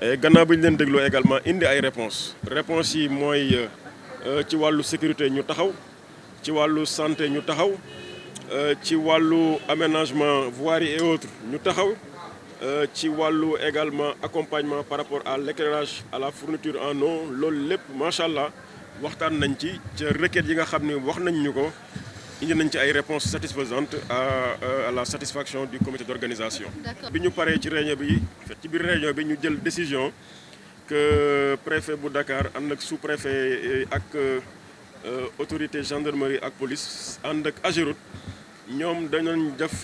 gannaaw bi ñu leen dégloo également indi ay réponses réponses yi mooy euh, ci wàllu sécurité ñu taxaw ci wàllu santé ñu taxaw euh, ci wàllu aménagement voirie et autres ñu taxaw euh, ci wàllu également accompagnement par rapport à l'éclairage à la fourniture en eau loolu lépp macha allah waxtaan nañ ci ca requêtes yi nga xam ne wax nañ ñu ko nous avons une une réponse satisfaisante à euh, à la satisfaction du comité d'organisation. Nous avons paree ci réunion décision que préfet Boudakar, le sous-préfet et euh, l'autorité gendarmerie la police ont ak Ageroute une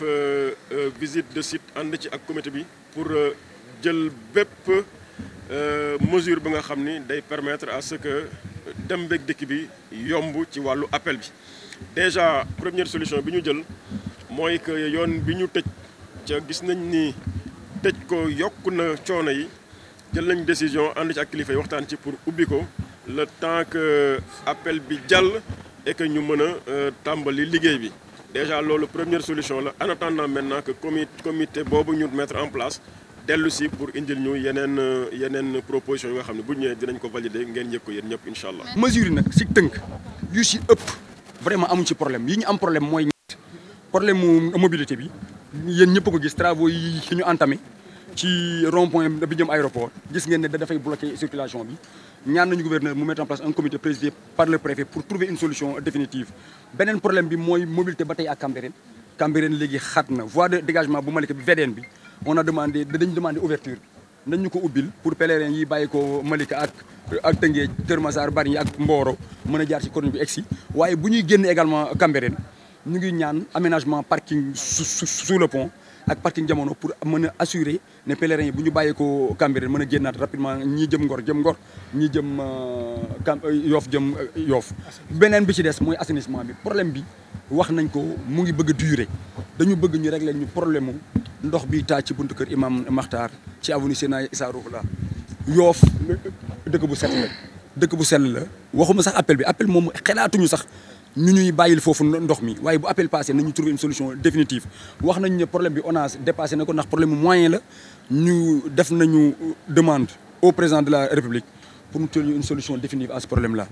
euh, visite de site avec le comité pour jël toutes mesure bi nga permettre à ce que dem dekk bi yomb ci walu appel bi déjà première solution bi ñu jël yon que yoon bi ñu tëj ca gis nañ ni tëj ko yokk na yi jël nañ décision en ci ak kilifa ci pour ubbi le temps que appel bi jall et que ñu mëna tamboli euh, tàmbali liggéey bi déjà loolu première solution la en attendant maintenant que comité comité bobu ñu mettre en place dellu pour indil ñu yenen yeneen proposition yi nga xam ne bu ñëwee dinañ ko valider ngeen ñëk ko ñëp inshallah mesure nak nag si tënk yu si ëpp vraiment amu ci problème yi ñu am problème moy problème mu mobilité bi yeen ñëpp ko gis travaux yi ñu entamé ci rond point bi jëm aéroport gis ngeen né da fay bloquer circulation bi ñaan nañu gouverneur mu mettre en place un comité présidé par le préfet pour trouver une solution définitive benen problème bi moy mobilité batay ak Cambérène Cambérène légui xatna voie de dégagement bu malik bi VDN bi on a demandé dañ demandé ouverture bi ko ubbil pour pèlerin yi bayiko Malika ak ak Tëngéej Kër Massar ak Mboro mën a jaar ci commune bi exi waye waaye bu également Cambérène ñu ngi ñaan aménagement parking sous le pont ak parking jamono pour mën assurer né pèlerins yi buñu bayiko bàyyi ko Cambérène mën a rapidement ñi jëm Ngor jëm Ngor ñi jëm yof euh, euh, Yoff jëm euh, yof benen bi ci dess moy assainissement bi problème bi wax nañ ko mu ngi bëgg a durer dañu bëgg ñu régler ñu problème ndox bi ta ci buntu keur imam Maxtaar ci avenue Seyna isa Rouhou yof yoof bu de la dëkk bu sell la waxuma sax appel bi appel moom xelaatuñu sax ñu ñuy bayil fofu ndox mi waye bu appel passé nañu trouver une solution définitive wax nañu ne problème bi ONAS dépassé nako nak problème moyen la ñu def nañu demande au président de la République pour nous trouver une solution définitive à ce problème là